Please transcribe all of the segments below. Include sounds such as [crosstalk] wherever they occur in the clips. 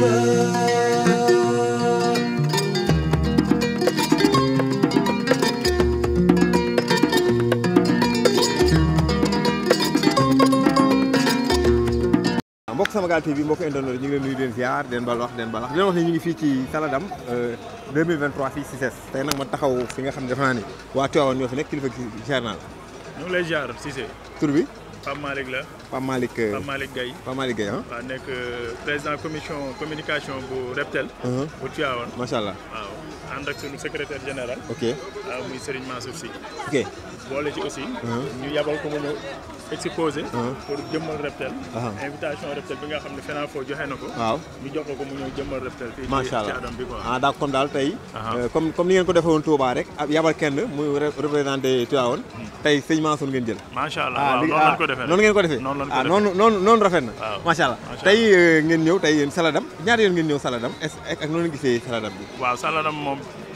sama Samagal TV mbokk internet ñu ngi leen nuyu di leen ziar di leen bal wax di bal wax di wax ñu ngi fii ci Saladam 2023 fii Cissés tey nag ma taxaw fi nga xam ne ni waa Tivaouane ñoo fi kilifa ñu lay ziar bi. pas mal la. Pape Pas mal Malick Guèye. pas mal Guèye ah. On est président commission communication pour Reptel. pour uh-huh. Tivaouane. Machala. Ah waaw ànd secrétaire général. ok oui, muy Serigne Mansour aussi. ok boole ci aussi. nous uh-huh. yabal ko exposé. Ah. pour jëmmal Reptel. Ah. invitation Reptel bi nga xam ne FENAFO joxe na ko. waaw ñu jox ko mu ñëw jëmmal Reptel. macha allah fii ci bi quoi ah daa kon daal tey. Ah. Euh, comme comme ni ngeen ko defee woon Touba rek ab kenn muy représenté Tivaouane. Hmm. tey sëñ Mansour ngeen jël. macha allah waaw noonu ngeen ko defee noonu ngeen ko defee. noonu noonu noonu rafet na. waaw allah tey euh, ngeen ñëw tey yéen saladam ñaata yoon ngeen ñëw saladam est ak noonu gisee saladam bi. waaw saladam moom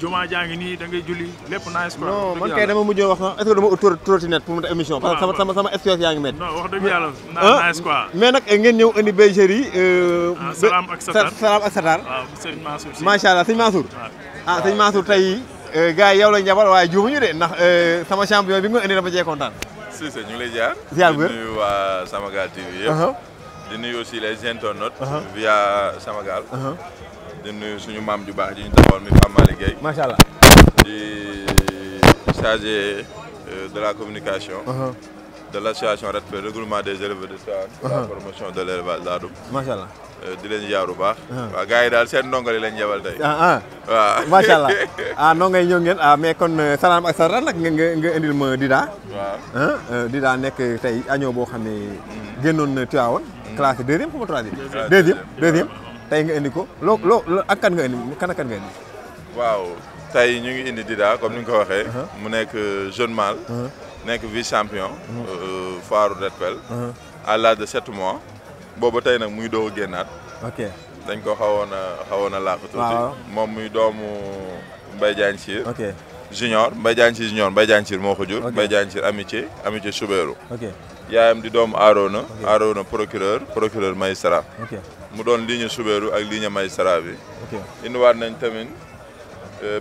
jumaa jaa ngi nii dangay ngay julli lépp nice quoi. non man kay dama mujjee wax sax est pour mu def émission. parce que sama sama sama yaa ngi métti. non wax dëgg ah, mais nag ngeen ñëw indi bergerie euh, ah, salaam ak satar salaam ak satar. waaw sëñ Mansour si macha allah sëñ Mansour. ah sëñ Mansour tey euh, gars yi yow lañ jabal waaye juumuñu de ndax euh, sama champion bi nga indi dama cee kontaan. si ñu ngi lay jaar. ziar bu wér di nuyu waa Samagal TV yëpp. Uh-huh. di nuyu aussi les internautes. Uh-huh. via Samagal. Uh-huh. di suñu maam ju baax ji ñu taxawal mi Pape Malick Gueye. macha allah di chargé euh, de la communication. Uh-huh. de l' association REDP regroupement des éleveurs de Tivaouane. pour uh-huh. la euh, baax. Uh-huh. waaw gars yi daal seen ndongo yi lañ yebal tey. ah, ah. waaw macha allah [laughs] ah ñëw ngeen ah mais kon euh, salaam ak salaam nag nga nga indil nekk tey añoo boo xam ne. Mm-hmm. génnoon Tivaouane. Mm-hmm. classé deuxième ou troisième. deuxième. tey nga indi ko loo loo ak kan nga indi kan ak kan nga indi. waaw tey ñu ngi indi Dida comme ni nga ko waxee. Uh-huh. mu nekk euh, jeune mâle. Uh-huh. nekk vice champion. Uh-huh. Euh, foire Red Pel. à l'âge de sept mois. booba tey nag muy doo a génnaat. ok dañ ko xawoon a xawoon a laax tuuti. moom muy doomu Mbaye Diagne Sire. ok junior Mbaye Diagne junior Mbaye Diagne Cissé jur. Mbaye Diagne amitié amitié Soubeyrou. yaayam di dom Arona. Arona procureur procureur magistrat. mu don ligne Soubeyrou ak ligne magistrat bi. ok indi indiwaat nañ tamen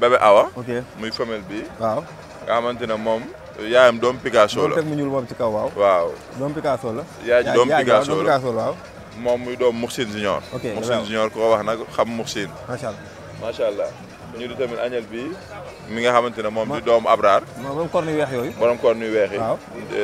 Bébé Awa. ok muy femelle bi. waaw nga xamantene mom moom. yaayam doom Picasso la moom ñul mom ci kaw waaw. waaw dom Picasso la. yaay ji doom Picasso la waaw. mom muy dom mohsin junior. ok Moussine junior ko wax nak xam mohsin machallah machallah ñu di tamit añal bi mi nga xamante ne moom di doomu Abraar. borom corne yu weex yooyu. borom weex yi.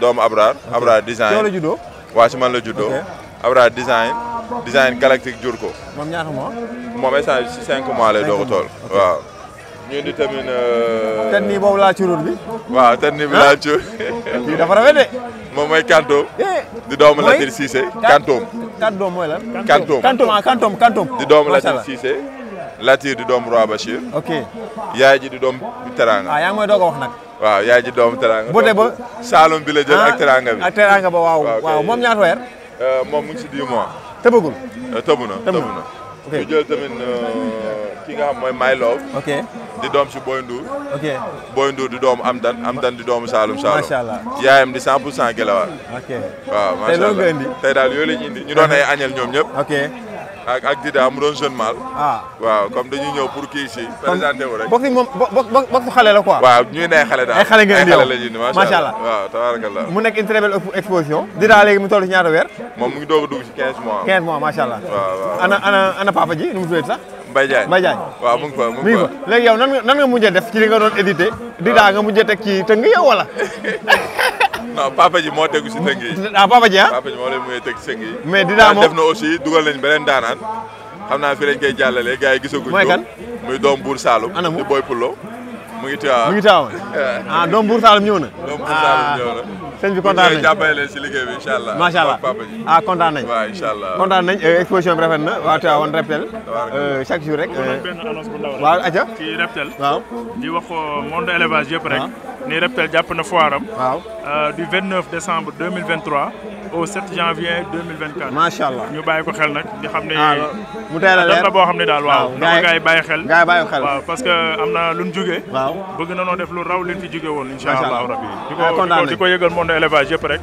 doomu Abraar. Abraar design yow la juddoo. waa si man la juddoo. Abraar jur ko. moom ñaata mois. moom instant cinq mois lay doog a tool waaw. ñu di tamit. Euh, ten nii boobu laa curoon bi. waaw ten nii bi laa cur. kii [laughs] dafa rafet moom mooy Kanto. Eh. di doomu Latir Cissé. Kantoom. Kantoom mooy lan. Ah, di doomu Latir Cissé. Latir di doom Roi Bachir. ok yaay ji di doomu Teranga. ah yaa ngi may doog a wax waaw yaay ji doomu Teranga. bu dee ba Saalum bi la jël ak ah, Teranga bi. ak Teranga ba waaw ah, waaw moom ñaata weer. Euh, moom mu si 10 mois. tëbagul. Euh, tëbu na tëbu na. ok ñu jël tamit euh, ki nga xam mooy My Love. di doom si Boy Ndour. ok di doomu am Amdan di doomu Saalum Saalum. macha allah yaayam di 100 pour cent Gélawar. ok waaw macha allah tey loolu nga daal yooyu la ñu indi ñu doon ñoom ñëpp. ak ak Dida mu doon jeune mal. Ah. waaw comme dañuy ñëw pour kii si. présenté wu rek xale la quoi. waaw ñuy ne ay xale daal ay xale ngeen di yow ay xale la ñuy macha allah mu nekk une très belle exposition. Dida mu toll si ñaata weer. moom mu ngi doog a dugg si 15 mois. 15 mois macha allah. waaw ana ana ana papa nu mu tuddee sax. Mbaye Diagne Mbaye Diagne nan nga nan nga def ci li nga doon édité. Dida nga mujjee teg ci tëng yow wala. [laughs] non papa ji moo tegu si tëng yi. ah papa ji ah. papa ji moo leen muy teg si tëng yi. mais dinaa moom def na aussi dugal nañ beneen daanaan xam naa fi lañ koy jàllalee gars yi gisaguñ. mooy kan muy doom buur Saalum. anamu di Boy mu ngi Tiwaawan mu ngi Tiwaawan [laughs] ah doom Buur Saalum ñëw na. doom Buur Saalum ñëw na. Ah, sëñ bi kontaan nañ jàppale leen si liggéey bi incha allah. macha allah ah kontaan nañ. waaw incha allah kontaan nañ eh, exposition bi rafet na waa Tiwaawan Reptel. Euh, chaque jour euh. rek. waaw aja ci Reptel. waaw di wax ko monde élevage rek. ni Reptel jàpp na foire am. waaw euh, du 29 décembre au 7 janvier 2024. allah ñu bàyyi ko xel nag di xam ne. Ah, mu teel a leer boo xam ne daal waaw. gars yi xel gars yi bàyyi xel parce que am na lu ñu waaw bëgg na noo def lu raw liñ fi jóge woon incha allah rabi di ko di ko yëgal monde élevage yëpp rek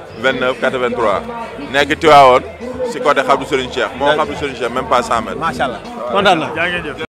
29 83 nekk Tiwaawoon si côté xabdu Serigne Cheikh moo xabdu Serigne Cheikh même pas 100 mètres. macha allah kontaan naa.